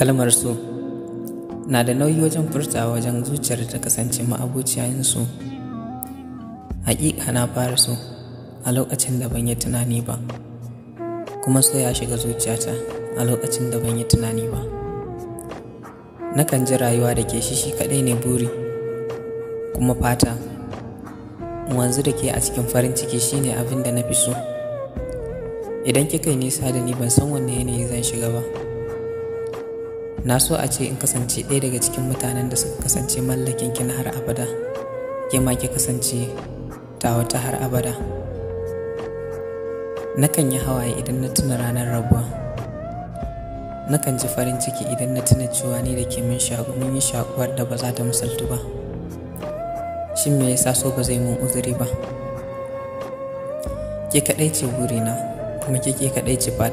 kalmarsu na da nauyi wajen furta wajen zuciyar ta kasance ma'abociyansu haƙiƙa na fara su a lokacin da ban yi tunani ba kuma so ya shiga zuciyata a lokacin da ban yi tunani ba nakan ji rayuwa da ke shi shi kaɗai ne buri kuma fata wanzu da ke a cikin farin ciki shine abin da na fi so idan kika yi nisa da ni ban san wanne yanayi zan shiga ba na so a ce in kasance ɗaya daga cikin mutanen da suka kasance mallakin ki na har abada ke ma ki kasance tawa ta har abada nakan yi hawaye idan na tuna ranar rabuwa nakan ji farin ciki idan na tuna cewa ni da ke min shaƙu mun yi da ba za ta misaltu ba shin me yasa so ba zai mun uzuri ba ke kaɗai ce burina kuma ke ke kaɗai ce fata